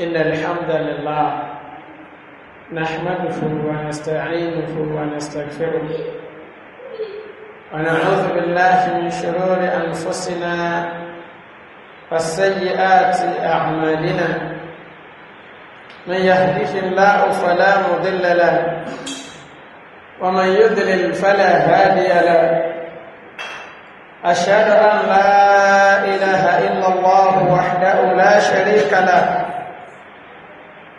إن الحمد لله نحمده ونستعينه ونستغفره ونعوذ بالله من شرور أنفسنا والسيئات أعمالنا من يهده الله فلا مضل له ومن يضلل فلا هادي له أشهد أن لا إله إلا الله وحده لا شريك له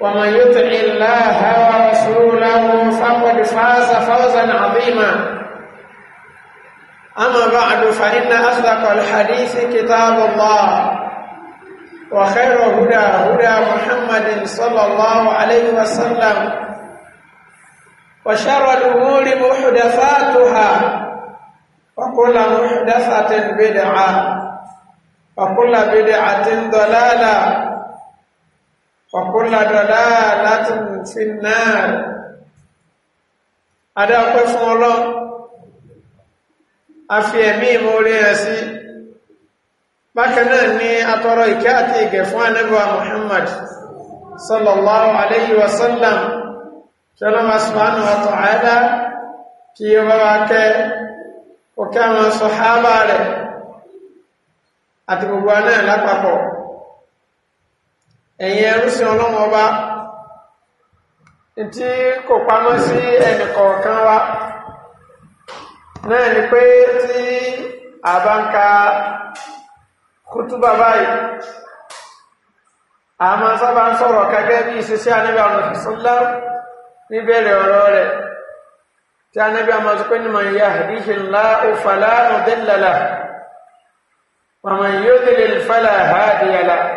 ومن يطع الله ورسوله فقد فاز فوزا عظيما أما بعد فإن أصدق الحديث كتاب الله وخير هدى هدى محمد صلى الله عليه وسلم وشر الأمور محدثاتها وكل محدثة بدعة وكل بدعة ضلالة وكل ضلالة في النار adáwọ́pẹ́ fún ọlọ́run a fi ẹ̀mí ìmoore hàn sí bákan náà ní atọrọ ìkẹ́ àti ìgẹ̀ fún anábíwá Muhammad sallallahu alayhi wa sallam kí ọlọ́mà subhanahu wa ta'ala kí ó bá wá kẹ́ òkè àwọn sọ̀hábà rẹ̀ àti gbogbo náà lápapọ̀ ẹ̀yin ẹrúsìn ọlọ́run ọba tí kò pamọ́ sí ẹnìkọ̀ọ̀kan wa náà ni pé tí a bá ń ka kútúbà báyìí a máa sábà ń sọ̀rọ̀ gẹ́gẹ́ bí ìṣesí anábì àwọn ìṣúlá níbẹ̀rẹ̀ ọ̀rọ̀ rẹ̀ tí anábì àwọn ìṣúpẹ́ ni man yahdihillahu fala mudilla lahu wa man yudlil fala hadiya lahu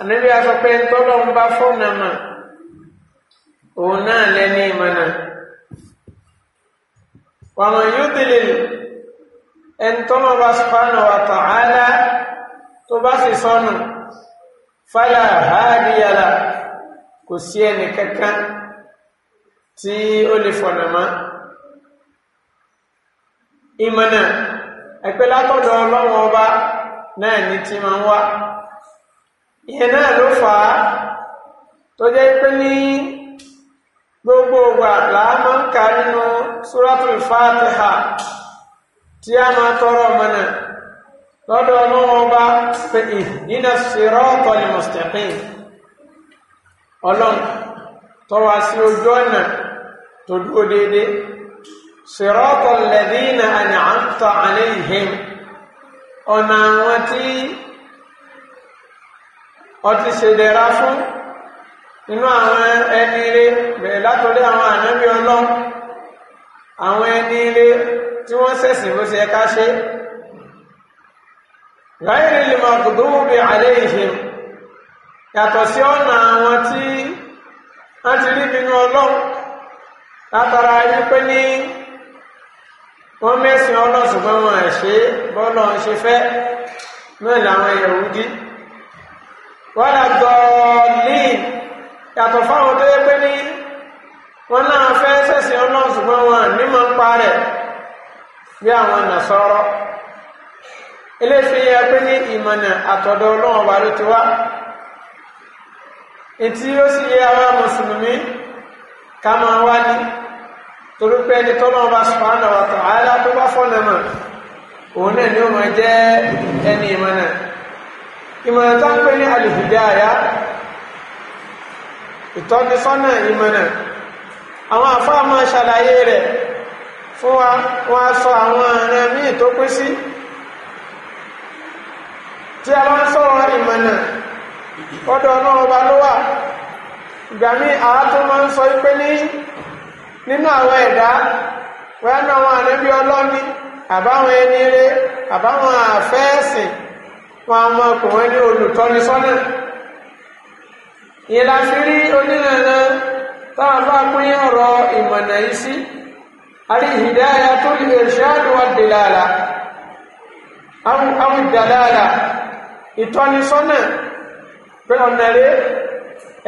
ànábì aṣọ pé tọ́lọ́ ń bá fọ́nà mà òun náà lẹ́ni ìmọ̀nà wàmọ̀ yóò délé ẹni tọ́lọ́ bá subhanahu wa ta'ala tó bá sì sọnù fálà hádìyàlà kò sí ẹnì kankan tí ó lè fọ̀nà ìmọ̀nà ẹ̀pẹ́ látọ̀dọ̀ ọlọ́wọ́n ọba náà ní ti máa ń wá ìyẹn náà ló fà á tó jẹ́ pé ní gbogbo ìgbà làá máa ń ka nínú suratul fatiha tí a máa tọrọ mọ́nà lọ́dọ̀ ọlọ́wọ́ bá pé ìdínà sírọ́ọ̀tọ̀ ni mustaqim ọlọ́run tọwa sí ojú ọ̀nà tó dúró déédé sírọ́ọ̀tọ̀ lẹ́dínà àní àléhìn ọ̀nà àwọn tí ọtí ṣèdẹ̀ra fún inú àwọn ẹni ire bẹ̀rẹ̀ látòrí àwọn ànábì ọlọ́run àwọn ẹni ire tí wọ́n ṣẹ̀sìn bó ṣe ká ṣe láìrí lè máa kò dúró bí àlẹ́ ìṣe yàtọ̀ sí ọ̀nà àwọn tí wọ́n ti rí bínú ọlọ́run látara ayé pé ní wọ́n mẹ́sìn ọlọ́sùn pé wọ́n ẹ̀ ṣe bọ́ọ̀lọ́ ṣe fẹ́ náà làwọn Yẹhudi wọ́n á dọ̀ọ́lì yàtọ̀ fáwọn tó yẹ pé ní wọ́n náà fẹ́ sẹ̀sìn ọlọ́run ṣùgbọ́n wọn nímọ̀ ń pa rẹ̀ bí àwọn nàṣọ́rọ́ eléyìí yẹ pé ní ìmọ̀nà àtọ̀dọ̀ ọlọ́run ọba ló ti wá ètí ó sì yẹ àwọn mùsùlùmí ká máa wá ní torí pé ẹni tọ́lọ́ ọba subhanahu wa ta'ala tó bá fọ́nà mọ̀ òun náà ni ó máa jẹ́ ẹni ìmọ̀nà. ìmọ̀nà tó ń pè ní imana, ìtọ́nisọ́nà afọ àwọn àfáà máa ṣàlàyé rẹ̀ fún wa wọ́n sọ àwọn ọ̀rẹ́ míì tó pín sí tí a bá ń ìmọ̀nà ọ̀dọ̀ náà ọba ló wà ìgbà àátó máa ń sọ ipé ní nínú àwọn ẹ̀dá wẹ́n wọn a máa pè wọ́n ní olùtọ́ni sọ́nà ìyẹn la fi rí onírànà táwọn bá pín ọ̀rọ̀ ìmọ̀nà yìí sí àrí ìdáyà tó lè ṣáàdù wa dìlára àwọn ìdàlára ìtọ́ni sọ́nà pé ọ̀nà rẹ̀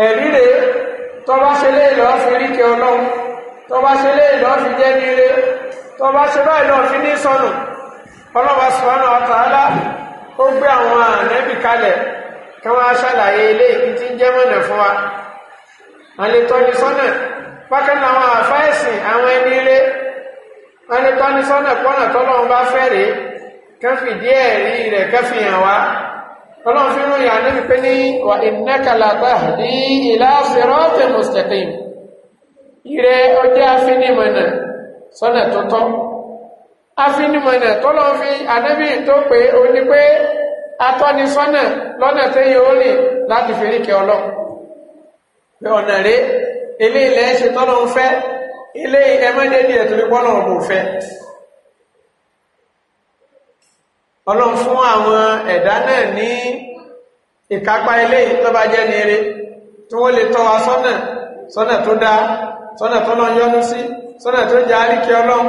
ẹ̀rí rẹ̀ tọ́ba ṣe lé lọ́ọ́ fi rí kẹ ọlọ́run tọ́ba ṣe lé lọ́ọ́ fi jẹ́ nílé tọ́ba ṣe báyìí lọ́ọ́ fi ní sọnù ọlọ́ba sọ̀rọ̀ àtàlá ó gbé àwọn ànẹ́bì kalẹ̀ kí wọ́n á ṣàlàyé ilé ìpín tí ń jẹ́ mọ̀nà fún wa wọ́n lè tọ́ni sọ́nà bákan náà àwọn àfáìsìn àwọn ẹni ilé wọ́n lè tọ́ni sọ́nà pọ́nà tọ́lọ́run bá fẹ́ rèé kán fìdí ẹ̀rí rẹ̀ kán fi hàn wá ọlọ́run fi rún ìyàní wípé ní wà ìnẹ́kàlàtà ní ìlàsìrọ́ọ̀tẹ̀ mustaqim ire ọjọ́ afinimọ̀nà sọ́nà tó afinimọ̀nà tó lọ́n fi ànábì tó pé o ní pé atọ́nisọ́nà lọ́nà téèyàn ó rìn láti fèríkẹ́ ọlọ́run pé ọ̀nà rẹ ilé ilẹ̀ ṣe tọ́nà ń fẹ́ ilé ẹmọ́dédé ni tó fi pọ́nà ọ̀bù fẹ́ ọlọ́run fún àwọn ẹ̀dá náà ní ìkápá ilé tó bá jẹ́ ní tí wọ́n lè tọ́ wa sọ́nà sọ́nà tó dáa sọ́nà tó lọ́n sí sọ́nà tó jẹ́ àríkẹ́ ọlọ́run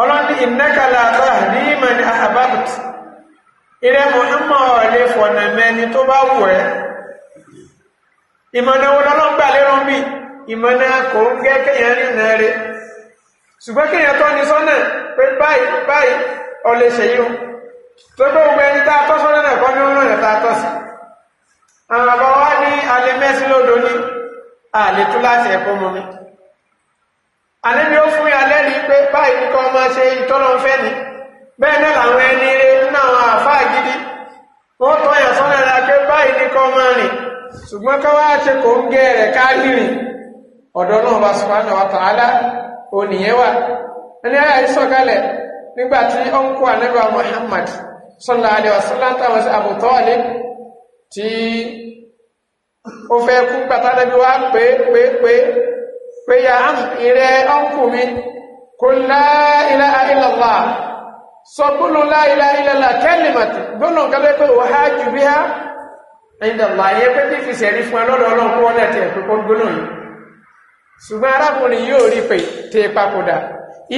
ọlọ́ni ìnẹ́kàlà àtàdí ìmọ̀ni àbábùt ilẹ̀ mọ̀hánmà ọ̀lẹ́ fọ̀nà mẹ́ni tó bá wù ẹ́ ìmọ̀nà wọn lọ́gbà lérò bí ìmọ̀nà kò ń gẹ́ kéèyàn nínú rẹ̀ ṣùgbọ́n kéèyàn tó ní sọ́nà pé báyìí báyìí ọ̀lẹ́ ṣèyí o tó gbé gbogbo ẹni tá a tọ́ sọ́nà náà kọ́ ní ọ̀nà tá a tọ́ sí àwọn àbá wa ní alẹ́ mẹ́sí lódò ní àlè tó láti ẹ̀kọ́ mọ́ àlẹ́ ni ó fún yà lẹ́rìí ìdíkọ́ ọmọ ṣe ìtọ́lọ́run fẹ́ ni bẹ́ẹ̀ náà làwọn ẹni rẹ nínú àwọn àfáà gidi wọ́n tọ́ yàn sọ́nà lápẹ́ báyìí ìdíkọ́ ọmọ rìn ṣùgbọ́n ká wá ṣe kò ń gé rẹ̀ káàrí rìn ọ̀dọ́ náà bá subhanahu wa ta'ala ònìyẹn wà ẹni ayà yìí sọ̀kalẹ̀ nígbà tí ó ń kó ànábà Muhammad sallallahu alaihi wasallam táwọn sí Abu Talib tí ó fẹ́ kú gbàtà lẹ́bí wá pé pé pé pé ya ìrẹ́ ọ̀nkù mi قل لا إله إلا الله سقول لا إله إلا كلمة بلون كبير وحاج بها عند الله يبدي في سيرف ولو لو كون تكون بلون ṣùgbọ́n arákùnrin yóò rí pé tí ipa kò dá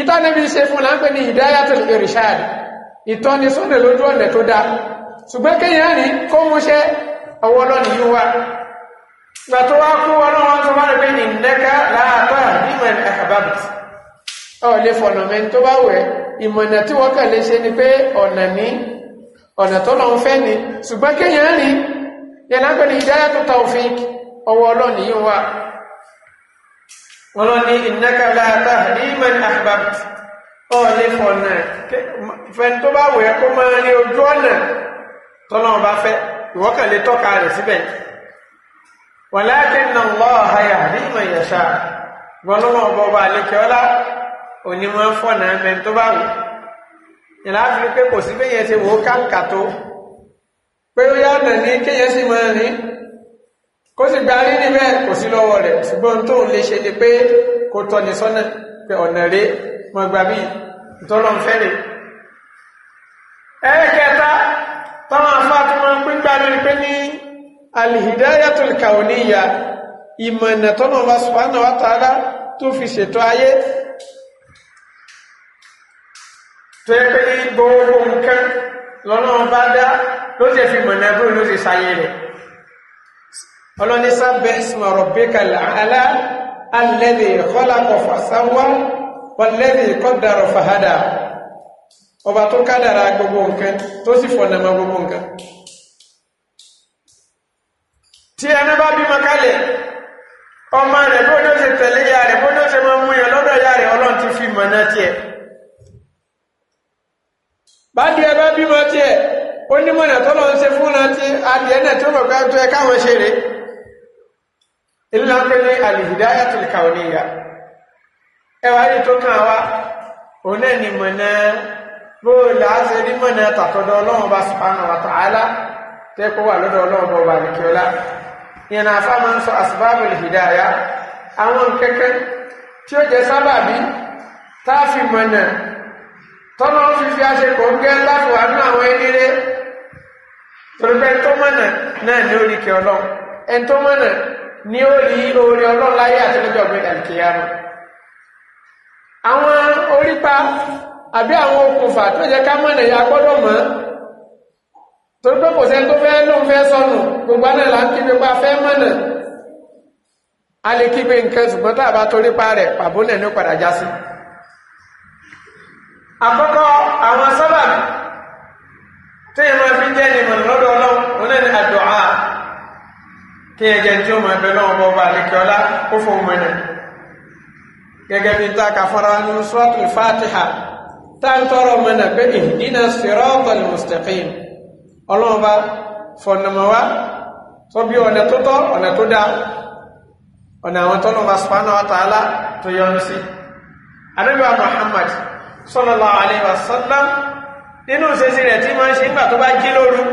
ìtọ́nibí ṣe fún láńpẹ́ ní hidayatul irshad ìtọ́ni sọ́nà lójú ọ̀nà tó dá ṣùgbọ́n kéèyàn rí kó mú ṣe ọwọ́ ọ̀lẹ́ fọ̀nà mẹ́ni tó bá wẹ̀ ìmọ̀nà tí wọ́n kàn lè ṣe ni pé ọ̀nà ní ọ̀nà tó lọ́n fẹ́ ni ṣùgbọ́n kéèyàn rí yẹn lápẹ́ ní ìdáyà tó ta òfin ọwọ́ ọlọ́ọ̀ni yìí wà wọ́n ní innaka la tahdi man ahbabta ọ̀lẹ́ gbọ́nlọ́wọ́ ọba ọba onímọ̀ fọ̀nà ẹ̀mẹ́ tó bá wù ní láti rí pé kò sí bẹ́yẹn ṣe wò ó káǹkà tó pé ó yá ọ̀nà ní kéyẹn sì máa rí kó sì gba rí níbẹ̀ kò sí lọ́wọ́ rẹ̀ ṣùgbọ́n tó ń lè ṣe ni pé kó tọ́ni sọ́nà pé ọ̀nà rẹ̀ mọ̀ gbà bí ìtọ́lọ́ ń fẹ́rẹ̀ ẹ̀ẹ́kẹta táwọn afáàtúmọ̀ ń pín gbà lórí pé ní alìhìdáyàtòlì kàwọ́níyà ìmọ̀nà tọ́nà wa subhanahu wa ta'ala tó fi ṣètò ayé tó yẹ gbogbo nǹkan lọ́nà bá dá ló jẹ́ fi mọ̀nà ló ti sáyé rẹ̀ ọlọ́ni sábẹ́ ìsìnmọ̀ rabbika alá alladhi khalaqa fasawwa walladhi qaddara fahada ọba tó kádàrà gbogbo nǹkan tó sì fọ̀nà gbogbo nǹkan tí ẹni bá bímọ kálẹ̀ ọmọ rẹ̀ bó ló ṣe tẹ̀lé ya rẹ̀ bó ló ṣe máa mú yàn lọ́dọ̀ ya rẹ̀ ọlọ́run ti fi mọ̀nà tiẹ̀ bádìẹ bá bímọ tiẹ̀ ó nímọ̀nà tó lọ ń ṣe fún náà tí adìẹ náà tó rọ̀ pé tó yẹ káwọn ṣe rè ìlú náà pé ní al-hidayatul kawniyya ẹwà yìí tó kàn wá òun náà ni mọ̀nà bóòlù àti onímọ̀nà tàtọ̀dọ̀ ọlọ́run bá subhanahu wa ta'ala tẹ́kọ̀ wà lọ́dọ̀ ọlọ́run bá nìkíọ́lá ìyẹn àfa máa ń sọ asbabul hidaya àwọn mọ̀nà tọ́lọ́ fífi àṣekọ̀ gẹ́ láti wà nínú àwọn ẹni rẹ̀ torí pé tó mọ̀nà náà ní orí kẹ ọlọ́run ẹni tó mọ̀nà ní orí orí ọlọ́run láyé àti lọ́jọ́ ọ̀gbìn àlùkìyàmù àwọn orípa àbí àwọn okùnfà tó jẹ́ ká mọ̀nà ya gbọ́dọ̀ mọ́ torí pé kò sẹ́ni tó fẹ́ lóun fẹ́ sọnù gbogbo àná là ń kí pa fẹ́ mọ̀nà a lè kí nǹkan ṣùgbọ́n tá a bá torípa rẹ̀ pàbó náà ní padà já sí àkọ́kọ́ àwọn sábàbí téèyàn máa fi jẹ́ ìmọ̀ lọ́dọ̀ ọlọ́run onílẹ̀ àdúà kéèyàn jẹ́ tí ó máa bẹ lọ́wọ́ bọ́ọ̀bà àlekẹ́ọ́lá kó fún ọmọ ẹ̀nà gẹ́gẹ́ bí tá a kà ní sọ́ọ̀tù fatiha tá ń tọrọ ọmọ ẹ̀nà pé ihdina siratal mustaqim ọlọ́run bá fọ̀nàmọ́ wa bí ọ̀nà tó tọ́ ọ̀nà tó dáa ọ̀nà àwọn tọ́lọ́ bá subhanahu wa ta'ala tó yọ́nú sallallahu alaihi wasallam nínú ìṣesí rẹ̀ tí máa ń ṣe nígbà tó bá jí lóru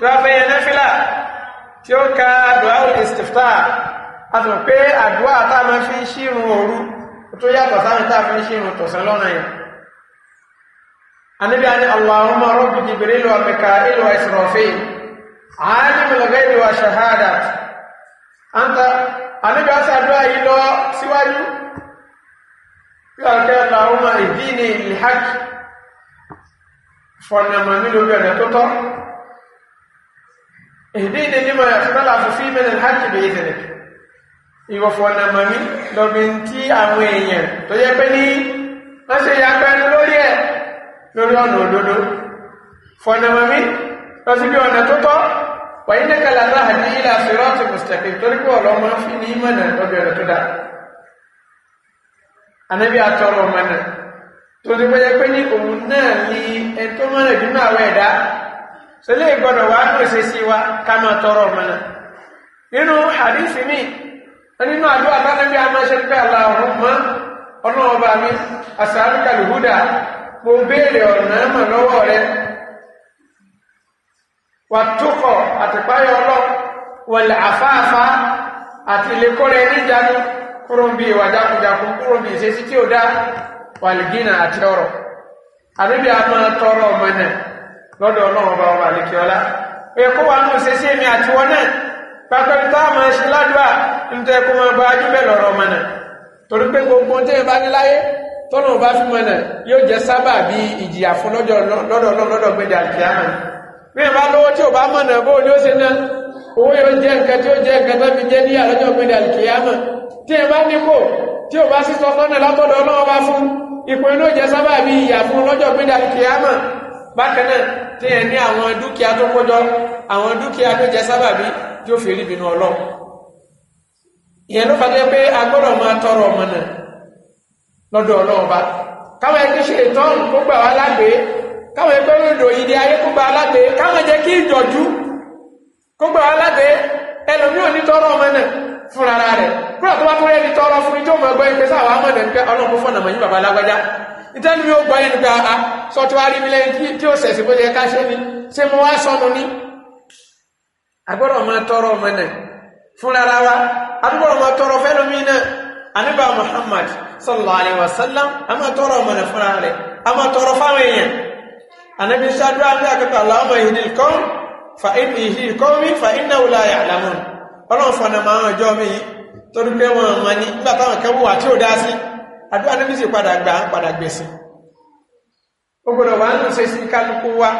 tó bá fẹ́ yẹn náfìlà tí ó ka duaul istiftah a sọ pé àdúrà tá a máa fi ń ṣírun òru tó yàtọ̀ sáwọn tá a fi ń ṣírun tọ̀sán قال كان اللهم اهديني للحق فانما منه بان تطر اهديني لما يختلف فيه من الحق باذنك ìwọ̀fọ̀nàmọ̀ mi lọ́bí tí àwọn èèyàn tó yẹ pé ní wọ́n ṣe yàgbẹ́ ẹnu lórí ẹ̀ lórí ọ̀nà òdodo fọ̀nàmọ̀ mi lọ sí bí ọ̀nà tó tọ́ wàyí ní kàlàtà ànábì àtọrọ ọmọ náà tó ti bọ́yẹ pé ní òun náà ni ẹni tó mọ́rẹ̀ nínú àwọn ẹ̀dá sọlé ìgbọ́dọ̀ wá pèsè sí wa ká máa tọrọ ọmọ náà nínú hadith mi nínú àdúrà tánàbí amáṣẹ́ pé Allahumma ọlọ́ọba mi as'aluka al-huda mo béèrè ọ̀nà mọ̀ lọ́wọ́ rẹ wàtúkọ̀ àtìpáyọ̀ ọlọ́ wal afafa àti lè kọ́ra ẹni jáde kúrò ń bí ìwà jákujàku kúrò ń bí ìṣesí tí ó dá wàlìgínà àti ọrọ̀ àbíbí a máa tọrọ ọmọ náà lọ́dọ̀ ọlọ́run ọba ọba àlekíọ́lá ó yẹ kó wà nù ìṣesí èmi àti wọn náà pápẹ́ bí táwọn máa ṣe ládùá nítorí kó máa bá ajú bẹ́ẹ̀ lọ́rọ̀ ọmọ náà torí pé gbogbo ohun tẹ́yìn ní láyé tọ́lọ́run bá fi mọ̀ náà yóò jẹ́ sábà bí ìjìyà fún lọ́dọ̀ ọlọ́run lọ́dọ̀ gbẹ̀dẹ̀ bí ìbá lówó tí ò bá mọ̀nà bó ni ó ṣe ná owó yóò jẹ́ nǹkan tí ó jẹ́ nǹkan tó fi jẹ́ ní àlọ́jọ́ gbẹ̀dẹ̀ àlùkìyàmọ̀ tí ìbá nípò tí ò bá sí tọ́sọ́nà látọ̀dọ̀ ọlọ́wọ́ bá fún ipò inú jẹ sábà bí ìyà fún lọ́jọ́ gbẹ̀dẹ̀ àlùkìyàmọ̀ bákan náà tí ẹ ní àwọn dúkìá tó kójọ àwọn dúkìá tó jẹ sábà bí tí ó fi rí bínú náà lọ́dọ̀ káwọn ẹgbẹ́ òdò ìdí ayé kó gba alágbé káwọn jẹ́ kí ìjọ̀jú kó gba alágbé ẹlòmí ò ní tọrọ ọmọ náà fún ara rẹ̀ kúrò tó bá tó rẹ̀ ní tọrọ fún ijó mọ̀ ẹgbẹ́ ìpèsè àwọn amọ̀ nà ń pẹ́ ọlọ́run fún ọ̀nàmọ̀ yín bàbá alágbájá ìtẹ́nu mi ó gbọ́ yẹn nípa a ah, ah, sọ tí wàá rí mi lẹ́yìn tí ó sẹ̀sì bó ṣe ká ṣe ni ṣé mo wá sọnù ni. agbọ́dọ̀ ọmọ tọrọ Muhammad sallallahu alayhi wa sallam a máa tọrọ ọmọ náà fún anabi ṣáájú àti àkẹta aláwọ̀ ìdí kan fa ìdí kan mi fa iná wula ya'lamun ọlọ́run fọnà máa ń ọjọ́ mi yìí torí pé wọn mọ ní nígbà táwọn kan wà tí ò dá sí àdúrà níbi sì padà gbà ń padà gbẹ̀sìn ó gbọdọ̀ wà nínú ṣe sí kálukú wa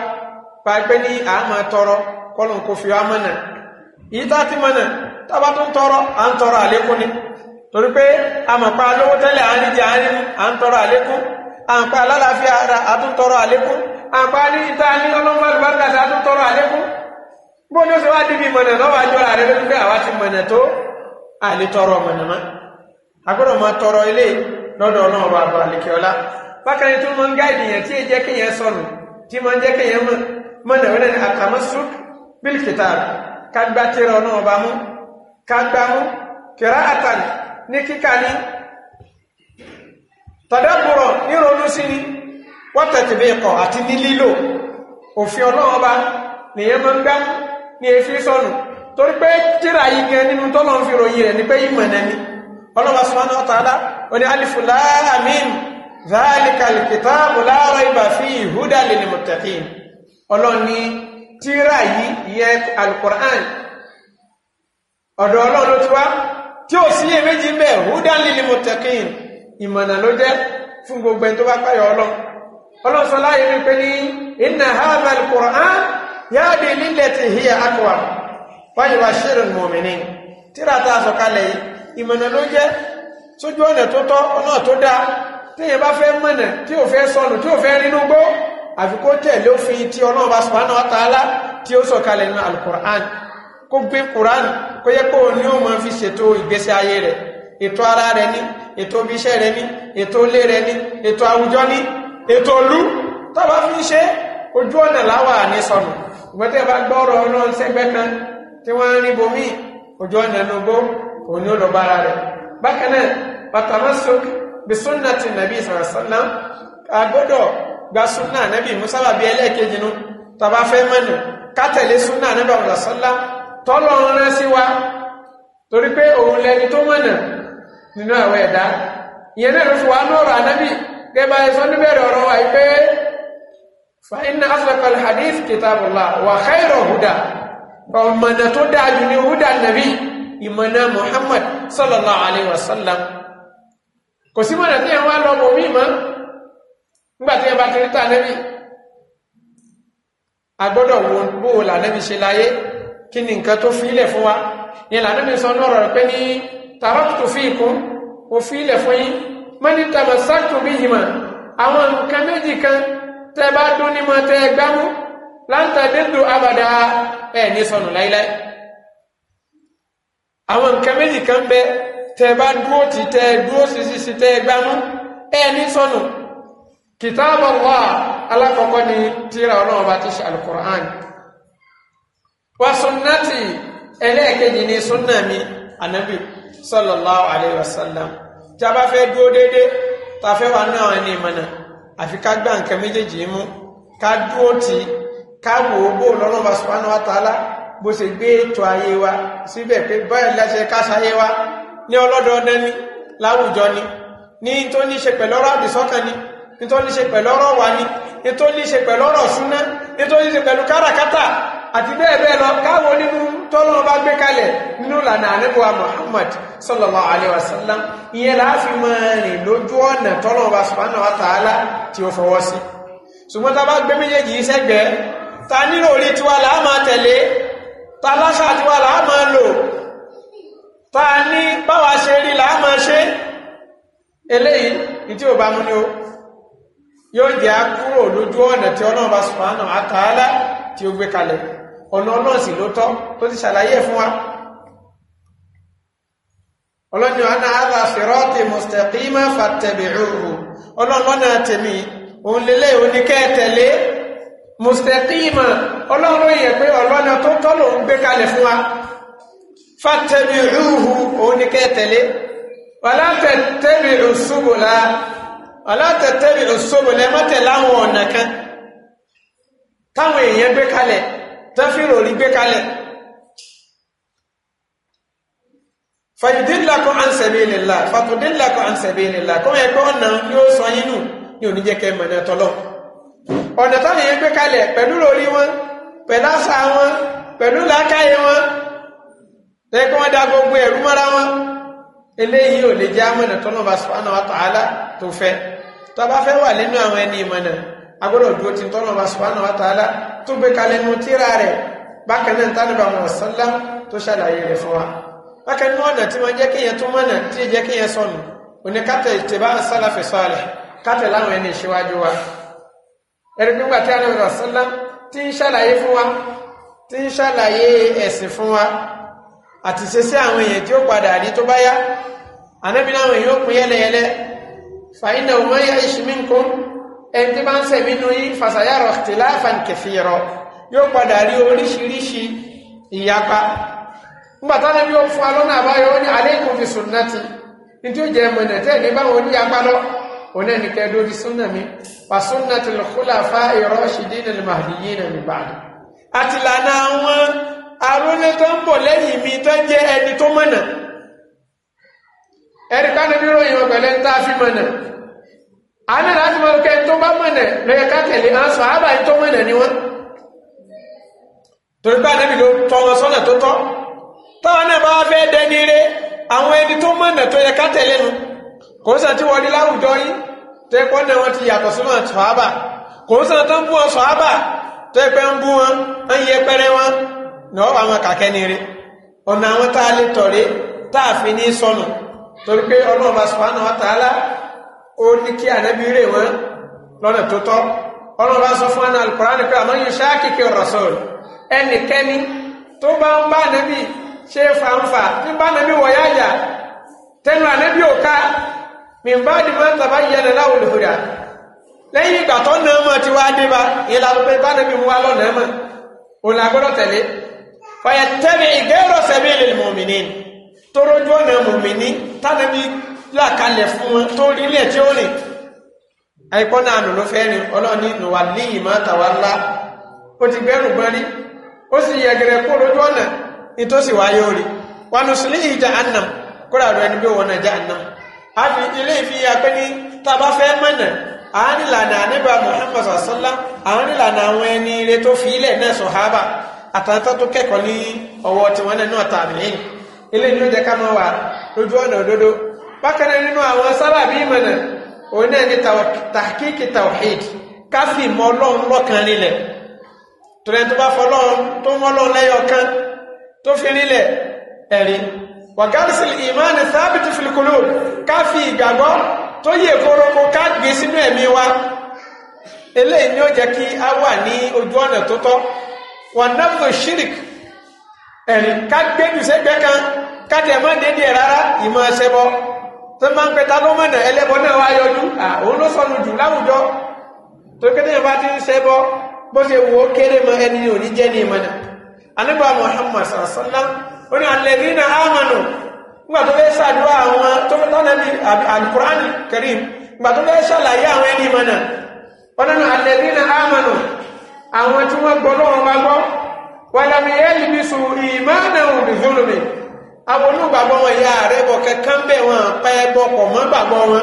pa pé ní àmọ́ tọrọ kọlùn kò fi wá mọ̀nà yìí ti mọ̀nà tábà tó ń tọrọ à ń tọrọ àlékún ni torí pé àmọ̀ pa lówó tẹ́lẹ̀ à ń rí jẹ à ń tọrọ àlékún à ń pa alálàáfíà ara à tún tọrọ àlékún àǹfààní ìta ní ọlọ́mọ àlùbáríkà sí àtúntọrọ àlékún bó ni ó ṣe wá débi mọ̀nà lọ́wọ́ àjọra rẹ lójú pé àwa ti mọ̀nà tó àlétọrọ mọ̀nà mọ́ agbọ́dọ̀ máa tọrọ ilé lọ́dọ̀ ọlọ́run ọba àbọ̀ àlekèọlá bákan ní tó máa ń gáìdì yẹn tí èjẹ́ kéèyàn sọnù tí máa ń jẹ́ kéèyàn mọ̀nà wẹ́nà ní àtàmọ́sùn bílíkìtà kágbátẹ́rọ náà ọba mú kágbámú kẹrà àtàlì ní kíkà ní tọ̀dọ̀bùrọ̀ ní ronú sí ni wọ́n tẹ̀tẹ̀ bí ikọ̀ àti ní lílò òfin ọlọ́run bá nìyẹn máa ń gbá ní efi sọnù torí pé tíra yìí gan nínú tọ́lọ́ ń fi ròyìn rẹ̀ ní pé yìí mọ̀nà ni ọlọ́run subhanahu wa ta'ala ó ní alifu láàmín zaalika alkitabu la raiba fihi huda lil muttaqin ọlọ́run ní tíra yìí ìyẹn alukur'an ọ̀dọ̀ ọlọ́run ló ti wá tí ò sí iyèméjì ń bẹ huda lil muttaqin ìmọ̀nà ló jẹ́ fún gbogbo ẹni tó bá páyọ̀ ọlọ́run ọlọ́sọlá yìí wípé ní inna hadha al-Qur'an yahdi lillati hiya aqwam wa yubashshiru al-mu'minin tíra tá a sọ kalẹ̀ yìí ìmọ̀nà ló jẹ́ sójú ọ̀nà tó tọ́ ọ̀nà tó dáa téèyàn bá fẹ́ mọ̀nà tí ò fẹ́ sọnù tí ò fẹ́ rínú gbó àfi kó tẹ̀lé òfin tí ọlọ́run bá subhanahu wa ta'ala tí ó sọ kalẹ̀ nínú al-Qur'an kó Qur'an kó yẹ kó ní ó máa fi ṣètò ìgbésí ayé rẹ̀ ètò ara rẹ̀ ní ètò ibi iṣẹ́ rẹ̀ ní ètò ilé rẹ̀ ní ètò àwùjọ ní ètò ìlú tọ́ba fi ń ṣe ojú ọ̀nà láwà ní sọnù ìgbẹ́tẹ̀ bá gbọ́rọ̀ ọlọ́run sẹ́gbẹ́ kan tí wọ́n ń rí bomi ojú ọ̀nà nugbó òní ó lọ bára rẹ̀ bákan náà pàtàmọ́sọ́kì bí sunnati nàbí sàrásánná a gbọ́dọ̀ gba sunna nàbí musábàbí ẹlẹ́ẹ̀kejì nu tọ́ba fẹ́ mọ́nù ká tẹ̀lé nàbí ọ̀làsánná tọ́lọ́ rán sí wa torí pé òun lẹni tó mọ̀nà nínú àwọn ẹ̀dá ìyẹn náà ló fi wá lọ́rọ̀ ànábì gẹ́gbà ẹ̀sọ́ níbẹ̀rẹ̀ ọ̀rọ̀ wà pé fàínà asìlẹ̀kọ̀lẹ̀ hadith kitabullah wà khairu huda ọmọdé tó dájú ní huda nàbí ìmọ̀nà muhammad sallallahu alaihi wasallam kò sí mọ̀nà tí ẹ wá lọ bò mí mọ́ nígbà tí ẹ bá kiri tá nàbí agbọ́dọ̀ wo bó o là tó fi ilẹ̀ ó fi ilẹ̀ fún yín mọ́ni tàmásàkù bí yìí mà àwọn nǹkan méjì kan tẹ́ bá dún ní mọ́ tẹ́ gbámú láǹtàdédò abàdá ẹ̀ ní sọnù láíláí àwọn nǹkan méjì kan bẹ tẹ́ bá dúró ti tẹ́ dúró sísísí tẹ́ gbámú ẹ̀ ní sọnù kìtàbù Allah alákọ̀ọ́kọ́ ni tíra ọlọ́run bá ti ṣe alukur'an wa sunnati ẹlẹ́ẹ̀kejì ni sunna mi anabi sallallahu alayhi wa sallam tí a bá fẹ́ dúró déédéé tá a fẹ́ wà ní àwọn ẹni ìmọ̀nà àfi ká gbá nǹkan méjèèjì mú ká dúró tì í ká wò ó bó lọ́nà bá subhanahu wa bó ṣe gbé ètò ayé wa síbẹ̀ pé báyìí láṣẹ ká wa ní ọlọ́dọọdẹ ni láwùjọ ni ní tó ní ṣe pẹ̀lú ọ̀rọ̀ àdìsọ́kàn ni ní tó ní ṣe pẹ̀lú ọ̀rọ̀ wà ni ní tó ní ṣe pẹ̀lú ọ̀rọ̀ súná ní tó ní ṣe pẹ̀lú káràkátà àti bẹ́ẹ̀ bẹ́ẹ̀ lọ káwọn nínú tọ́lọ́ bá gbé kalẹ̀ nínú lànà àníbọ̀wà Muhammad sallallahu alaihi wasallam ìyẹn láàfi mọ́ rìn lójú ọ̀nà tọ́lọ́ bá subhanahu wa ta'ala tí ó fọwọ́ sí ṣùgbọ́n ta bá gbé méjèèjì sẹ́gbẹ̀ẹ́ ta nílò orí tiwa làá máa tẹ̀lé ta láṣà tiwa làá máa lò ta ní báwa ṣe rí làá ṣe eléyìí ìdí ò bá mú ní o yóò jẹ́ kúrò lójú ọ̀nà tí ọlọ́run bá subhanahu wa ta'ala tí ó gbé kalẹ̀ ọ̀nà náà sì ló tọ́ tó ti ṣàlàyé fún wa ọlọ́ni ọ̀nà àdá sirati mustaqima fattabi'uhu ọlọ́lọ́nà tèmi òun lélẹ̀ òun ní kẹ́ẹ̀tẹ̀lé mustaqima ọlọ́run yẹ pé ọlọ́nà tó tọ́ lòun gbé kalẹ̀ mọ́tẹ̀ láwọn ọ̀nà kan táwọn èèyàn gbé kalẹ̀ tẹ́fìrò rí gbé kalẹ̀ fàyùdínlákọ̀ ànsẹ̀bílélà fàtùdínlákọ̀ ànsẹ̀bílélà kọ́ ẹ̀ kọ́ ọ̀nà yóò sọ yínú ní oníjẹ́kẹ́ mọ̀nà tọ́lọ̀ ọ̀nà tọ́nà yẹn gbé kalẹ̀ pẹ̀lú lórí wọn pẹ̀lú àṣà wọn pẹ̀lú làákàyè wọn lẹ́kọ́ wọn dá gbogbo ẹ̀rú mọ́ra wọn eléyìí ò lè jẹ́ amọ̀nà bá subhanahu wa ta'ala tó fẹ́ tó bá fẹ́ wà nínú àwọn ẹni ìmọ̀nà agbọ́dọ̀ dúró tí tọ́nà bá subhanahu wa ta'ala tó gbé kalẹ̀ nù tíra rẹ̀ bákan náà tánàbà wọn sọ́lá tó ṣàlàyé rẹ̀ fún wa bákan náà ọ̀nà tí wọ́n jẹ́ kéèyàn tó mọ̀nà tí ì jẹ́ kéèyàn sọnù òní kátẹ̀ ìtẹ̀bá sálàfẹ̀ sọ́ọ̀lẹ̀ kátẹ̀ láwọn ẹni ìṣíwájú wa ẹ̀rí gbígbà tí ànàbà sọ́lá tí ń ṣàlàyé fún wa tí ń ṣàlàyé ẹ̀sìn fún wa àti ṣeṣẹ́ àwọn èèyàn tí ó padà rí tó bá yá ànábì àwọn èèyàn ó pín yẹlẹyẹlẹ fàyínà òun yá ìṣúmí nǹkan ẹni tí bá ń sẹ̀mí inú yí fàṣàyàrọ̀ ikhtilafan kathira yóò padà rí oríṣiríṣi ìyapa nígbàtá ni bí ó fún alọ́nà àbáyọ ó ní alaykum bi sunnati ní tí ó jẹ mọ̀nà tẹ́ ní báwọn oníyapa lọ òun ẹni kẹ́ lórí súnà mi wa sunnatil khulafai rashidin al-mahdiyyin min ba'di àtìlànà àwọn arólé tó ń bọ̀ lẹ́yìn mi tó jẹ́ ẹni tó mọ̀nà ẹ̀ríkánibí ròyìn ọ̀gbẹ̀lẹ́ ń tá a fi mọ̀nà a ní láti mọ̀ kẹ́ tó bá mọ̀nà lọ́yẹ ká tẹ̀lé á sọ àbá yìí tó mọ̀nà ni wọ́n torí pé ànábì ló tọ́ wọn sọ́nà tó tọ́ táwọn náà bá wá fẹ́ dẹni ré àwọn ẹni tó mọ̀nà tó yẹ ká tẹ̀lé nu kò ń sàn tí wọ́n rí láwùjọ yìí tó yẹ pọ́nà wọn ti yàtọ̀ sínú àti sọ̀hábà kò sàn tó ń bú wọn sọ̀hábà tó ń bú wọn ń yẹ pẹ́rẹ́ wọn ní ọ̀rọ̀ àwọn kàkẹ́ ni ré ọ̀nà àwọn tá lè tọ̀ ó ní kí ànábì rè wọ́n lọ́nà tó tọ́ ọlọ́run bá sọ fún ẹnu alukọ̀rán pé àmọ́ yóò ṣáàkìkì rasul ẹnikẹ́ni tó bá ń bá ànábì ṣe fanfa ní bá ànábì wọ̀ yáyà tẹnu ànábì ò ká mi bá di máa ń tàbá yẹn lẹ́la olùhùdà lẹ́yìn ìgbà tó nà mọ́ ti wá dé ba ìlànà pé bá ànábì mú wa lọ́nà mọ́ òun làgbọ́dọ̀ tẹ̀lé fàyẹ̀tẹ́bi ìgẹ́rọ̀ sẹ́bi ìlẹ̀ mọ̀mìnì tó rójú ọ̀nà mọ̀mìnì tánàbí làkalẹ̀ fún wọn tó rílẹ̀ tí ó rìn àìpọ́ náà nù ló fẹ́ rìn ọlọ́ni nùwà ní ìmọ̀ tàwa ńlá ó ti gbẹ́rù gbọ́n rí ó sì yẹgẹrẹ kó lójú ọ̀nà nítòsí wáyé orí wọn nù sílé ìjà ànàm kóra rẹ níbi òun náà já ànàm a fi ilé ìfi apẹ́ ní tábà fẹ́ mọ̀nà àárín ìlànà àníbà Muhammad sàlá àárín ìlànà àwọn ẹni ire tó fi ilẹ̀ náà sàhábà àtàntà tó kẹ́kọ̀ọ́ ní ọwọ́ tiwọn náà tàbí lẹ́yìn ilé ìlú jẹ́ ká máa wà lójú ọ̀nà òdodo bákan náà nínú àwọn sábàbí ìmọ̀nà òun náà ni tàkíkì tawhid káfí mọ ọlọ́run lọ́kàn rinlẹ̀ torí ẹni tó bá fọ ọlọ́run tó mọ ọlọ́run lẹ́yọ kan tó fi rinlẹ̀ ẹ̀rí wàgárísì ìmọ̀nà sábìtì fìlìkùlù káfí ìgbàgbọ́ tó yẹ kórókó ká gbé sínú ẹ̀mí wa eléyìí ni ó jẹ́ kí a wà ní ojú ọ̀nà tó tọ́ wà nàbò shirik ẹ̀rí ká gbẹ́dùsẹ́gbẹ́ kan ká tẹ̀ mọ́ dédé rárá ìmọ̀ ẹsẹ̀ bọ́ tó máa ń pẹta lọ́mọ̀nà ẹlẹ́bọ náà wá yọjú àwọn ló sọnù jù láwùjọ tó kéde bá ti ń ṣẹbọ bó ṣe wò ó kéré mọ ẹni ò ní jẹ́ ní ìmọ̀nà anábà Muhammad sàṣánná ó ní alẹ́bí na ámànù nígbà tó fẹ́ ṣàdúrà àwọn tó fẹ́ tọ́nà bí alukurani karim nígbà tó fẹ́ ṣàlàyé àwọn ẹni ìmọ̀nà ó nínú alẹ́bí na ámànù àwọn tí wọ́n gbọ́ lọ́wọ́ wá gbọ́ wàlámi ẹ́lì àwọn onígbàgbọ́ wọn ìyá rẹ̀ bọ̀ kankan bẹ̀ wọn pẹ́ bọ̀ pọ̀ mọ́ gbàgbọ́ wọn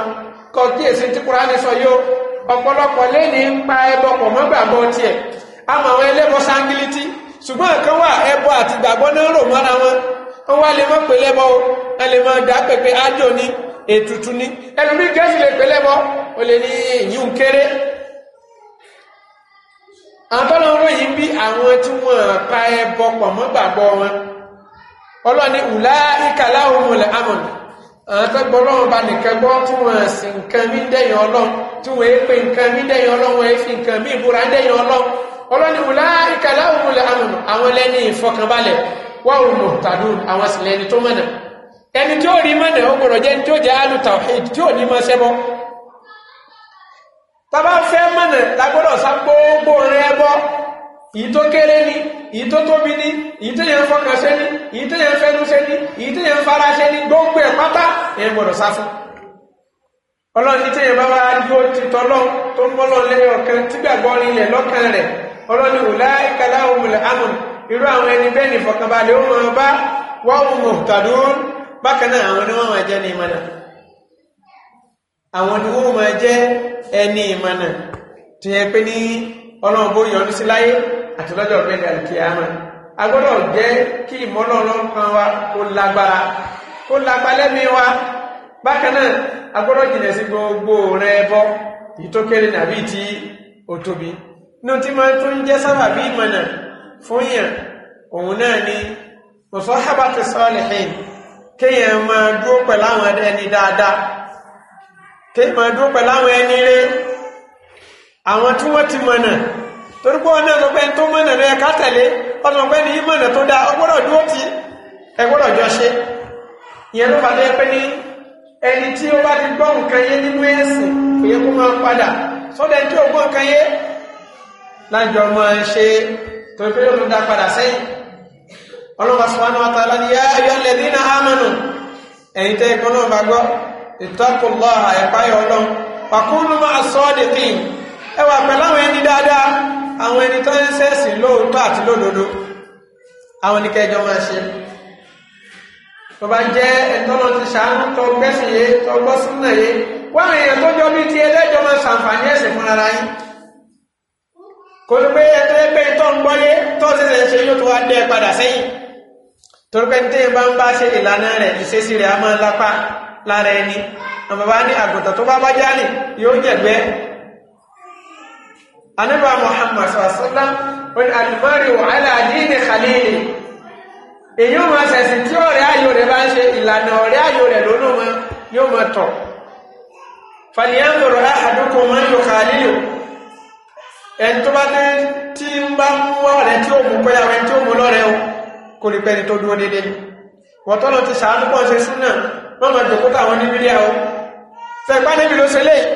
kọ kíyèsí tí Kùránì sọ yóò ọ̀pọ̀lọpọ̀ lẹ́ni ń pa ẹbọ pọ̀ mọ́ gbàgbọ́ tiẹ̀ àmọ́ àwọn ẹlẹ́bọ sangiliti ṣùgbọ́n kan wà ẹbọ àti gbàgbọ́ náà rò mọ́ra wọn wọ́n wá lè mọ́ pé lẹ́bọ ẹ lè mọ́ dá pẹ̀pẹ́ ájò ni ètùtù ni ẹlòmí gẹ́sì lè pé lẹ́bọ ó lè ní èyí ń kéré àwọn tọ́lọ́ ń bí àwọn tí wọ́n pa ẹbọ pọ̀ mọ́ gbàgbọ́ wọn ọlọ́ni ulaika lahumul amn àtẹ́gbọ́lọ́wọ́ bá nìkan gbọ́ tí wọ́n sì nǹkan mí dẹ̀yìn ọlọ́run tí wọ́n èé pe nǹkan mí dẹ̀yìn ọlọ́run wọ́n èé fi nǹkan mí ìbúra dẹ̀yìn ọlọ́run ọlọ́ni ulaika lahumul amn àwọn lẹ́ni ìfọkànbalẹ̀ wa hum muhtadun àwọn sì lẹ́ni tó mọ̀nà ẹni tí ó rí mọ̀nà ó gbọ́dọ̀ jẹ́ tí ó jẹ́ alu tawhid èyí tó kéré ní èyí tó tóbi ni, èyí tó yẹn fọkàn ṣe ní èyí tó yẹn fẹnu ṣe ní èyí tó yẹn fara ṣe ní gbogbo ẹ̀ pátá èyí gbọ́dọ̀ sá fún ọlọ́run ní tẹ́yẹ bábá yóò ti tọ́lọ́ tó ń bọ́lọ́ lẹ́yìn ọ̀kan tígbàgbọ́ rinlẹ̀ lọ́kàn rẹ̀ ọlọ́run wò láì kàlá òun lẹ̀ amùn irú àwọn ẹni bẹ́ẹ̀ ní fọkànbalẹ̀ ó máa bá wọ́n mọ̀ tàbí bákan náà ni wọ́n máa jẹ́ ní ìmọ̀nà àwọn ni wọ́n máa jẹ́ ẹni ìmọ̀nà tó yẹ pé ní ọlọ́run bó yọ àti lọ́jọ́ ọ̀gbẹ́ni àlùkìyàmà a gbọ́dọ̀ jẹ́ kí ìmọ́lọ́run kan wa kó lágbára kó lágbá lẹ́mí wa bákan náà a gbọ́dọ̀ jìnà sí gbogbo rẹ bọ́ èyí tó kéré nàbí tí ó tóbi inú tí máa tún jẹ́ sábàbí ìmọ̀nà fún yàn òun náà ni mọ̀sọ́ habatu salihin kéèyàn máa dúró pẹ̀lú àwọn ẹni dáadáa kéèyàn máa dúró pẹ̀lú àwọn ẹni rere àwọn tí wọ́n ti mọ̀nà torí pé ọ̀nà ọ̀gbẹ́ tó mọ̀nà rẹ̀ ká tẹ̀lé ọ̀gbẹ́ ní mọ̀nà tó dáa ọgbọ́dọ̀ dúró ti ẹgbọ́dọ̀ jọ ṣe ìyẹn ló bá lẹ́pẹ́ ní ẹni tí ó bá ti gbọ́ nǹkan yé nínú ẹ̀sìn kò yẹ kó máa padà sọ́dẹ̀ tí ó gbọ́ nǹkan yé lájọ máa ṣe torí pé lóòótọ́ dá padà sẹ́yìn ọlọ́mọ subhanahu wa ta'ala ni yá ayọ́ alladhina amanu ẹ̀yin tẹ́ ẹ̀kọ́ náà bá gbọ́ ittaqullaha ẹ̀páyọ̀ ọlọ́run wa kunu ma'as-sadiqin ẹwà àwọn ẹni tó ń sẹ́sìn lóòótọ́ àti lódodo àwọn ní kẹjọ máa ṣe tó bá jẹ́ ẹ̀tọ́nà ti ṣàánú tó gbẹ́sìn yé tó gbọ́ súnà yé wọ́n àwọn èèyàn tó jọ bí ti ẹlẹ́jọ́ máa ṣàǹfààní ẹ̀sìn fúnra ra yín kò ní pé ẹtọ́ ẹgbẹ́ tó ń gbọ́ yé tó ṣẹ̀ṣẹ̀ ṣe yóò tó wá dé padà sẹ́yìn torí pé ní téèyàn bá ń bá ṣe ìlànà rẹ̀ ìṣesí rẹ̀ a máa lápá lára ẹni àwọn bàbá ní àgùntàn tó bá bá jáde yóò jẹ̀gbẹ́ anábà Muhammad sọ̀rọ̀sọ́lá wọn alùbárì wà aláàdínì khalili èyí ó máa ṣẹ̀sìn tí ọ̀rẹ́ ayò rẹ̀ bá ń ṣe ìlànà ọ̀rẹ́ ayò rẹ̀ lónà wọn yóò máa tọ̀ fàlíyàndòrò àdúkò máa ń yọ khalili ẹni tó bá dé tí ń bá mú ọ̀rẹ́ tí ó mú kọ́yà rẹ̀ tí ó mú lọ́rẹ́ o kò ní pẹ́ni tó dúró déédéé wọ́n tọ́lọ ti ṣàánú pọ̀ ṣe súnà wọ́n máa jòkótó ní bídíà o ṣẹ̀pá níbi ló ṣe léyìí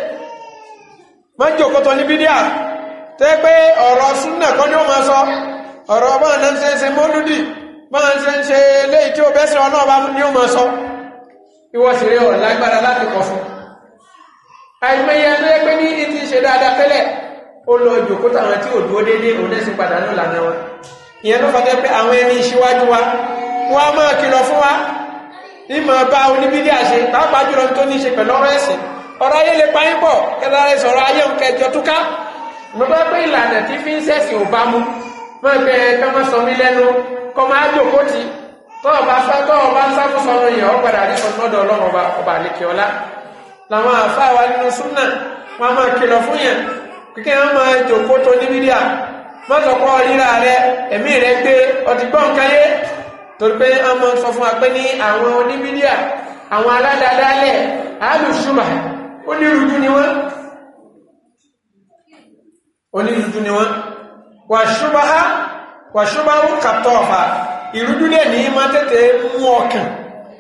máa jòkótó ní bídíà tẹ́ pé ọ̀rọ̀ súnà kọ́ ni ó máa sọ ọ̀rọ̀ báwọn náà ń ṣe ń ṣe mọ́lúdì báwọn ṣe ń ṣe léyìí tí ó bẹ́ sí ọlọ́run ni ó máa sọ ìwọ sì rí ọ̀rọ̀ lágbára láti kọ̀ fún àìmọye ẹni ẹ pé ní ti ṣe dáadáa tẹ́lẹ̀ ó lọ jòkó táwọn tí ò dúró déédéé òun náà sì padà ìyẹn ló fàtẹ́ pé àwọn ẹni ìṣíwájú wa wọ́n á máa kìlọ̀ fún wa ìmọ̀ bá oníbídí àṣe pàápàá jùlọ tó ní ṣe pẹ̀lú ọ̀rọ̀ ẹ̀sìn ọ̀rọ̀ ayé lè pa yín pọ̀ kẹlẹ́rẹ́ sọ̀rọ̀ ayé òun kẹjọ túká mo bá pé ìlànà tí fi ń ṣẹ̀sìn ò bá mu mo gbẹ kọ́mọ sọ mí lẹ́nu kọ́mọ ájòkó ti tọ́ ọba sá tọ́ ọba sá fún sọnù yẹn ọ padà rí sọnù lọ́dọ̀ ọlọ́run ọba ọba àlekè ọlá làwọn àfa wa nínú súnà wọn máa kìlọ̀ fún yẹn kíkẹ́ wọn máa jòkó tó níbi díà má sọ pé rẹ ẹ̀mí rẹ gbé ọtí gbọ́n káyé torí pé wọn máa sọ fún wa pé ní àwọn oníbídíà àwọn aládàádáálẹ̀ àlùsùmà onírúurú ni wọn onídúdú ni wọ́n wà ṣúbáhá wà ṣúbáhú kàtọ́ọ̀fà ìrúdú dẹ̀ ní má tètè mú ọkàn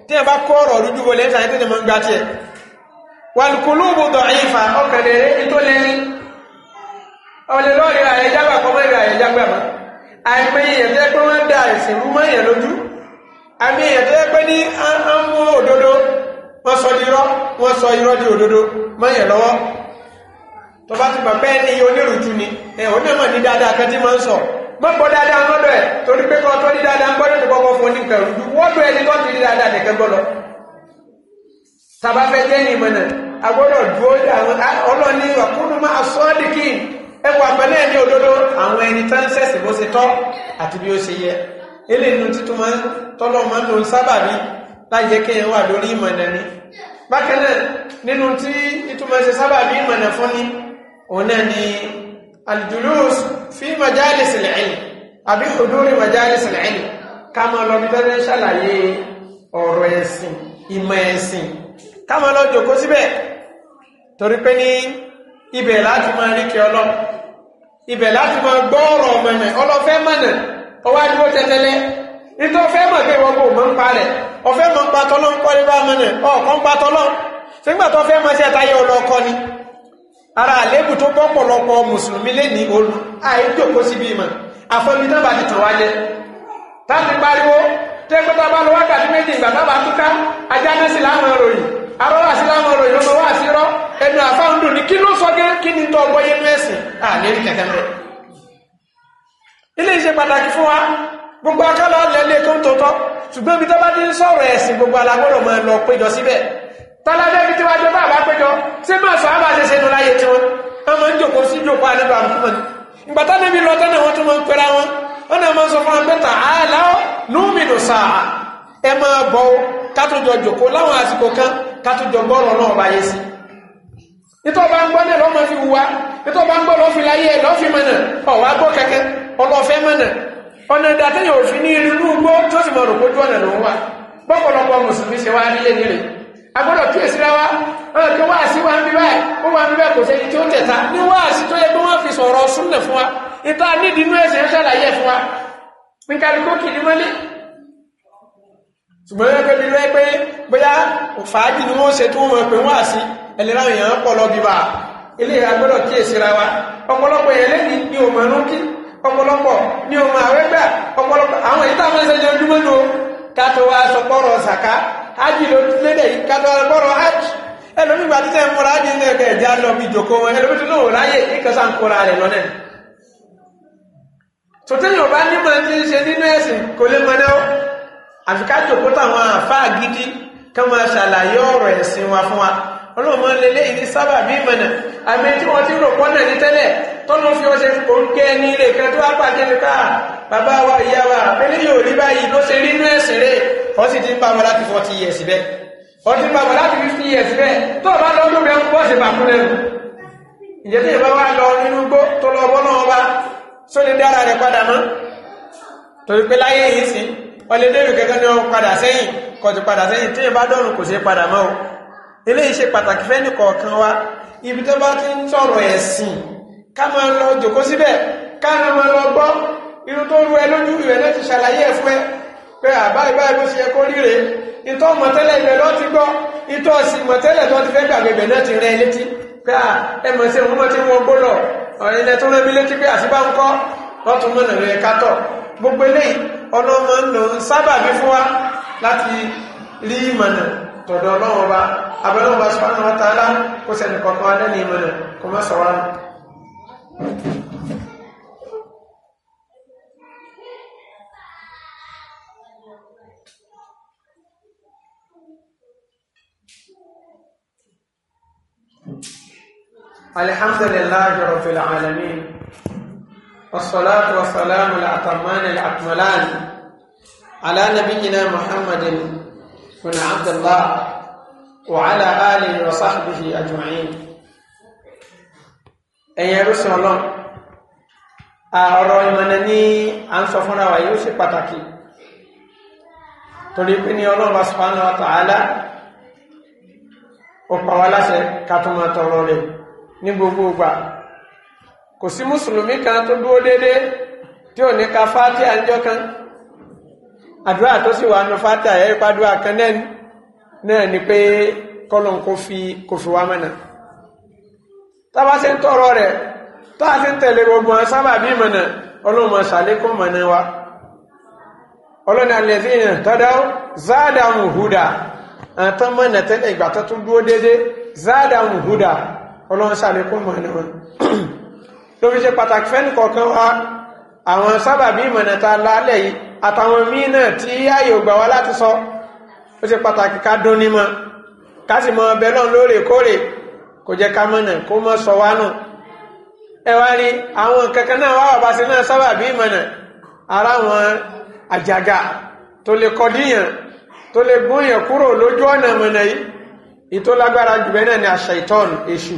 tí tete bá kọ́ ọ̀rọ̀ rúdú wọlé tàbí tètè mọ́ gbá tiẹ̀ wàlùkùlùbù dọ̀ífà ọkẹ̀lẹ̀ èyí tó lé ní ọlẹ́ lọ́ọ̀rì àyẹjágbà kọ́ mẹ́rin àyẹjágbà mọ́ àìpé ma tó yẹ da ẹ̀sìn mú mọ́ èyàn lójú àmì èyàn tó yẹ pé ní án mú òdodo wọ́n sọ wọ́n di òdodo lọ́wọ́ tó bá ti mọ̀ pé ní onírùjú ni ẹ̀ onímọ̀ ní dáadáa kan tí máa ń sọ mọ́pọ̀ dáadáa lọ́dọ̀ ẹ̀ torí pé kọ́ tó ní dáadáa ń gbọ́dọ̀ kọ́kọ́ fún ní nǹkan rújú wọ́dọ̀ ẹni tó ti rí dáadáa nìkan gbọ́dọ̀ tàbá fẹ́ jẹ́ ní ìmọ̀nà agbọ́dọ̀ dúró àwọn ọlọ́ni ọkùnrin máa sọ ọ́ ní kí ẹ wà pẹ̀lú ẹni òdodo àwọn ẹni tó ń sẹ̀sì bó ṣe tọ́ àti bí ó ṣe yẹ eléyìí títún máa tọ́lọ́ máa ń lo sábàbí láì jẹ́ kéèyàn wà lórí ìmọ̀nà ni bákan náà nínú tí ìtumọ̀ ṣe sábàbí ìmọ̀nà fún ni ọ̀nà الجلوس في مجالس العلم al-ilm مجالس العلم كما لو ilm ká máa lọ bí bẹ́ẹ̀ ṣàlàyé ọ̀rọ̀ ẹ̀sìn ìmọ̀ ẹ̀sìn ká máa lọ jòkó síbẹ̀ torí pé ní ibẹ̀ láti máa rí kí ọlọ́ ibẹ̀ láti máa gbọ́ ọ̀rọ̀ ọ̀mọ̀nà ọlọ́fẹ́ mọ̀nà ọwọ́ adúgbò tẹ́tẹ́lẹ́ nítorí ọfẹ́ mọ̀ pé wọ́n kò mọ̀ ń pa rẹ̀ ọfẹ́ mọ̀ ń pa tọ́lọ́ ń kọ́ ní bá mọ̀nà ọ̀kan pa tọ́lọ́ sígbà tó ni ara àlébù tó pọ̀pọ̀lọpọ̀ mùsùlùmí lè ní olú àìjòkó síbi ìmọ̀ àfọ́bí náà bá ti tàn wájẹ́ táti pariwo tẹ́gbẹ́ta bá lọ wákàtí méjì ìgbà tábà túká ajá náà sí láwọn ìròyìn arọ́wà sí láwọn ìròyìn ọmọ wà sí rọ́ ẹnu àfáhùn dùn ní kí ló sọ gẹ́ kí ni ẹ̀sìn kẹ̀kẹ́ gbogbo akálọ̀ tọ́lájọ́ ibi tí wá jọ bá péjọ sí máa sọ àbá ṣe ṣẹnu láyé tí wọ́n wọ́n ń jòkó sí jòkó àdébà muhammad níbi wọn tó máa ń wọn wọn náà máa ń sọ fún wọn pẹ́ta àlá sáà ẹ máa jòkó láwọn àsìkò kan náà sí nítorí bá ń gbọ́ lọ́mọ fi nítorí bá ń gbọ́ lọ́fi láyé lọ́fi mọ̀nà ọ̀wá gbọ́ kẹ́kẹ́ agbọ́dọ̀ kí èsì ráwá ọ̀rọ̀ kí wáàsí wá ń bí báyìí ó wá ń bí báyìí kò sẹ́ni tí ó tẹ̀ta ní wáàsí tó yẹ pé wọ́n fi sọ̀rọ̀ súnlẹ̀ fún wa ìta nídìí inú ẹ̀sẹ̀ ń ṣàlàyé fún wa ní kálukú kì í mọ́lé ṣùgbọ́n yẹn pé bíbẹ́ pé bóyá fàájì ni wọ́n ni ò mọ̀ rúkí ni ò mọ̀ àwẹ́gbà ọ̀pọ̀lọpọ̀ àwọn èyí tá a máa ń ṣe jẹ́ ojúmọ́ hajj ló lédè yìí ká tó wá bọ́rọ̀ hajj ẹlòmí ìgbà títẹ̀ ń múra hajj ní ẹ̀kẹ́ ìjà lọ bí ìjòkó wọn ẹlòmí tó lóòrò láyè ìkẹsà ń kóra rẹ̀ lọ́nà tòtẹ́yìn ọba nímọ̀ ní ṣe nínú ẹ̀sìn kò lè mọ náà àfi ká jòkó táwọn àfáà gidi ká máa ṣàlàyé ọ̀rọ̀ ẹ̀sìn wa fún wa ọlọ́mọ lélẹ́ ìní sábà bí ìmọ̀nà àmì tí wọ́n ti rò pọ́nà ní tẹ́lẹ̀ tọ́nà fi ọṣẹ òǹkẹ́ ní ilé kan tó wá pàdé nípa bàbá wa ìyá wa àpẹẹrẹ yóò rí báyìí ló ṣe rí inú ẹ̀sìn rẹ̀ ó sì ti ń bá wọn láti forty years bẹ́ẹ̀ ó ti ń bá wọn láti fifty years bẹ́ẹ̀ tó o bá lọ ló rẹ bọ́ ṣe bàkú lẹ́nu ìjẹ́ tí ìbá wa lọ nínú gbó tó lọ bọ́ náà wá só lè dára rẹ̀ padà mọ́ torí pé láyé yìí sí ọlẹ́dẹ́rù kẹ́kẹ́ ni wọ́n padà sẹ́yìn kò ti padà sẹ́yìn tí ìbá dọ̀rùn kò ṣe padà mọ́ o eléyìí ṣe pàtàkì fẹ́ nìkọ̀ọ̀kan wa ibi tó bá ti ń sọ̀rọ̀ ẹ̀sìn ká máa lọ jòkó síbẹ̀ ká máa lọ gbọ́ irun tó rú ẹ lójú ìrẹ̀ ti ṣàlàyé ẹ̀ ẹ pé àbá ìbá ìlú ṣe kó ríre ìtọ́ mọ̀tẹ́lẹ̀ ibẹ̀ lọ ti gbọ́ ìtọ́ sí mọ̀tẹ́lẹ̀ tó ti fẹ́ gbàgbé ibẹ̀ náà ti rẹ létí pé à ẹ mọ̀ sí òun mọ̀ tí wọ́n lọ ilẹ̀ tó gbogbo eléyìí ọ̀nà ọmọ ń lò ń sábà bí fún wa láti rí ìmọ̀nà tọ̀dọ̀ الحمد لله رب العالمين والصلاة والسلام الأتمان الأكملان على نبينا محمد بن عبد الله وعلى آله وصحبه أجمعين ẹ̀yin ẹrú sí ọlọ́run ọ̀rọ̀ ìmọ̀nà ní à ń sọ fúnra wa yóò ṣe pàtàkì torí pé ní ọlọ́run subhanahu wa ta'ala ó pa wá láṣẹ ká tó máa tọrọ rẹ̀ ní gbogbo ìgbà kò sí mùsùlùmí kan tó dúró déédéé tí ò ní ka fátíà níjọ́ kan àdúrà tó sì wà nù fátíà yẹ ìpàdúrà kan náà náà ni pé kọlọ̀n kò fi kò fi wá mọ́nà tábà ṣe ń tọrọ rẹ̀ tá a ti ń tẹ̀lé gbogbo wọn sábà bí mọ̀nà ọlọ́mọ ṣàlékún mọ̀nà wa ọlọ́nà lẹ́sí yẹn tọ́dá zádàmù húdà àtọ́mọ̀nà tẹ́lẹ̀ ìgbà tó tún dúró déédéé zádàmù húdà ọlọ́run sàlékún mọ̀ ẹ̀nà wọn ló fi ṣe pàtàkì fẹ́ni kọ̀ọ̀kan wa àwọn sábàbí ìmọ̀nà ta lálẹ̀ yìí àtàwọn míì náà tí ààyè ò gbà wá láti sọ ó ṣe pàtàkì ká dún ní mọ ká sì mọ ọbẹ̀ náà lóòrèkóòrè kò jẹ́ ká mọ̀nà kó mọ̀ sọ wá nù ẹ wá rí àwọn kankan náà wá bàbá sí náà sábàbí ìmọ̀nà ara wọn àjàgà tó lè kọdíyàn tó lè gúnyàn kúrò lójú ọ̀nà mọ̀nà yìí ìtòlágbára jùbẹ́ náà ni àṣà ìtọ́nù èṣù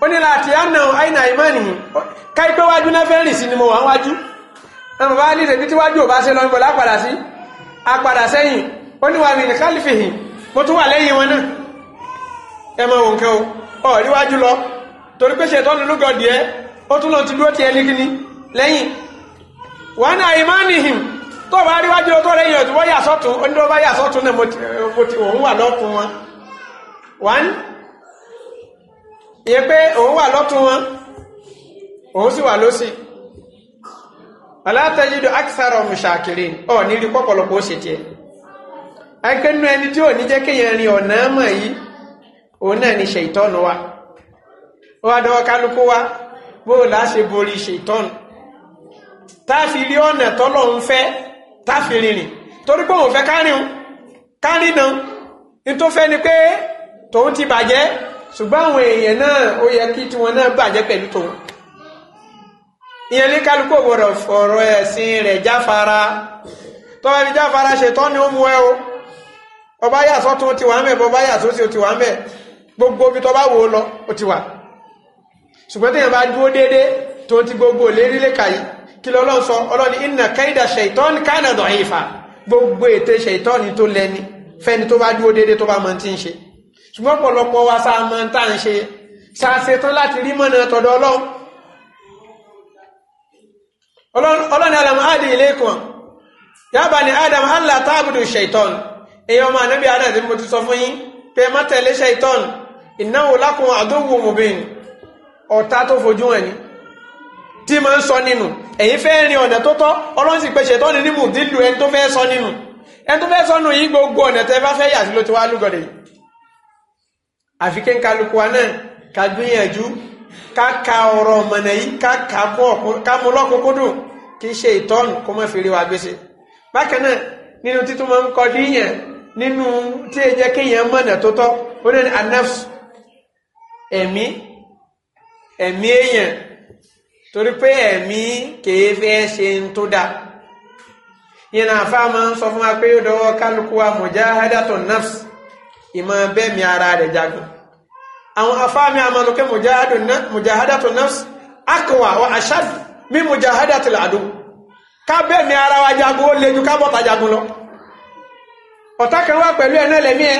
ó ní láti àná àìnà ìmọ̀nì káìpé wájú náà fẹ́ rìn sí ni mo wà wájú ọmọ bá ní ìrètí tí wájú ò bá se lọ ń bọ̀ si sí apadà sẹ́yìn ó ní wà ní mo tún wà lẹ́yìn wọn náà ẹ òun kẹ́ o ọ̀ ríwájú lọ torí pé ṣètò ọ̀nùlúgọ̀ díẹ̀ ó tún lọ ti dúró tiẹ̀ nígbìní lẹ́yìn wà ní àìmọ̀nìhìn tó bá ríwájú tó lẹ́yìn wọ́n yà sọ́tún ó ní ìyẹn pé òun wà lọ́tún wọn òun sì wà lọ́sì alátẹ́jìdò akisarọ̀ mùsàkìrì ọ̀ nírí pọ̀pọ̀lọpọ̀ ó ṣe tiẹ̀ akẹ́nu ẹni tí ò ní jẹ́ kéèyàn rin ọ̀nà mọ̀ yìí òun náà ni ṣèitọ́nù wa ó wá dọwọ́ kálukú wa bó la ṣe borí ṣèitọ́nù tá a fi rí ọ̀nà tọ́lọ̀ ń fẹ́ tá a fi rìnrìn torí pé òun fẹ́ kárìn kárìn náà ní tó fẹ́ ni pé tòun ti bàjẹ́ ṣùgbọ́n àwọn èèyàn náà ó yẹ kí tiwọn náà bàjẹ́ pẹ̀lú tòun ìyẹn ní kálukú gbọdọ̀ fọ̀rọ̀ ẹ̀sìn rẹ̀ jáfara tọ́wọ́ ẹni jáfara ṣètọ́ ni ó mú ẹ o ọba yàtọ̀ tó ti wà ń bẹ̀ bọba yàtọ̀ tí ó ti wà ń bẹ̀ gbogbo ibi tọ́ba wò ó lọ ó ti wà ṣùgbọ́n tí èèyàn bá dúró déédé tó ti gbogbo lérí lè kàyí kí lọ́lọ́run sọ ọlọ́ni inna kaida ṣètọ́ ní kánà dọ̀ ìfà gbogbo ète ṣètọ́ ni tó lẹni fẹ́ni tó bá dúró déédé tó bá mọ ti ń ṣe ṣùgbọ́n pọ̀lọpọ̀ wa sáà mọ́ ń ń ṣe ṣàṣetán láti rí mọ́nà tọ̀dọ̀ ọlọ́run ọlọ́ni ilé kan ni adam allah tábùdù ṣaitan èyàn ọmọ anábì adam tí mo ti sọ fún yín pé ìnáwó lákùn ọ̀tá tó fojú tí ma ń sọ nínú ẹ̀yin fẹ́ rin ọ̀nà tó tọ́ ọlọ́run sì pé ẹni àfi kí n kálukú wa náà ká gbìyànjú ká ka ọ̀rọ̀ ọ̀mọ̀nà yìí ká kà á kó ká mú lọ́kùnkúndùn kí ṣe ìtọ́nù kó má fi rí wa gbèsè bákan náà nínú títún máa ń kọ díyàn nínú tí ẹ jẹ́ kéèyàn mọ̀nà tó tọ́ ó ní anafs ẹ̀mí ẹ̀mí èèyàn torí pé ẹ̀mí kèé fẹ́ ṣe ń tó dáa yẹn náà fáwọn máa ń sọ fún wa pé ó dọwọ́ kálukú wa mujahadatu nafs ìmọ̀ bẹ́ẹ̀mí ara rẹ̀ jagun àwọn afáàmì àmàlùkẹ́ mujahadatu nafs akọwà wa ashad mi mujahadatu làdùn ká bẹ́ẹ̀mí ara wa jagun ó le ju ká bọ́ta jagun lọ ọ̀tá kan wá pẹ̀lú ẹ̀nà lẹ́mí ẹ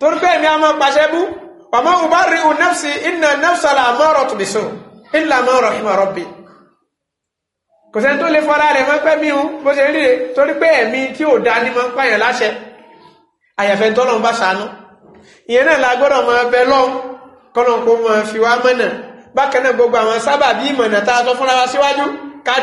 torí bẹ́ẹ̀mí a máa pàṣẹ bú ọmọ ubari nafsi inna nafsa la amọ́rọ̀ tó bìsùn illa ma rahima rabbi kò sẹ́ni tó lè fọ́ra rẹ̀ mọ́ pẹ́ mi hù bó ṣe rí torí pé ẹ̀mí tí ò dání máa ń pààyàn àyàfẹ́ tọ́lọ́n bá sànú ìyẹn náà la gbọ́dọ̀ máa bẹ lọ́hùn kọ́lọ́n kó máa fi wá mọ́nà bákan náà gbogbo àwọn sábàbí ìmọ̀nà tá fúnra wa síwájú ká